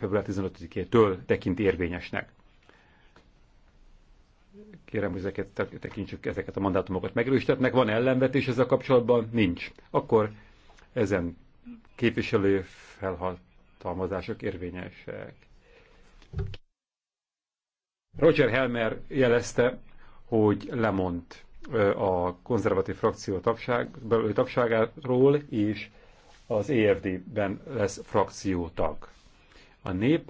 február 15-től tekint érvényesnek. Kérem, hogy ezeket tekintsük ezeket a mandátumokat megerősítetnek. Van ellenvetés ezzel kapcsolatban? Nincs. Akkor ezen képviselő felhatalmazások érvényesek. Roger Helmer jelezte, hogy lemond a konzervatív frakció tagság, tagságáról, és az EFD-ben lesz frakciótag. A nép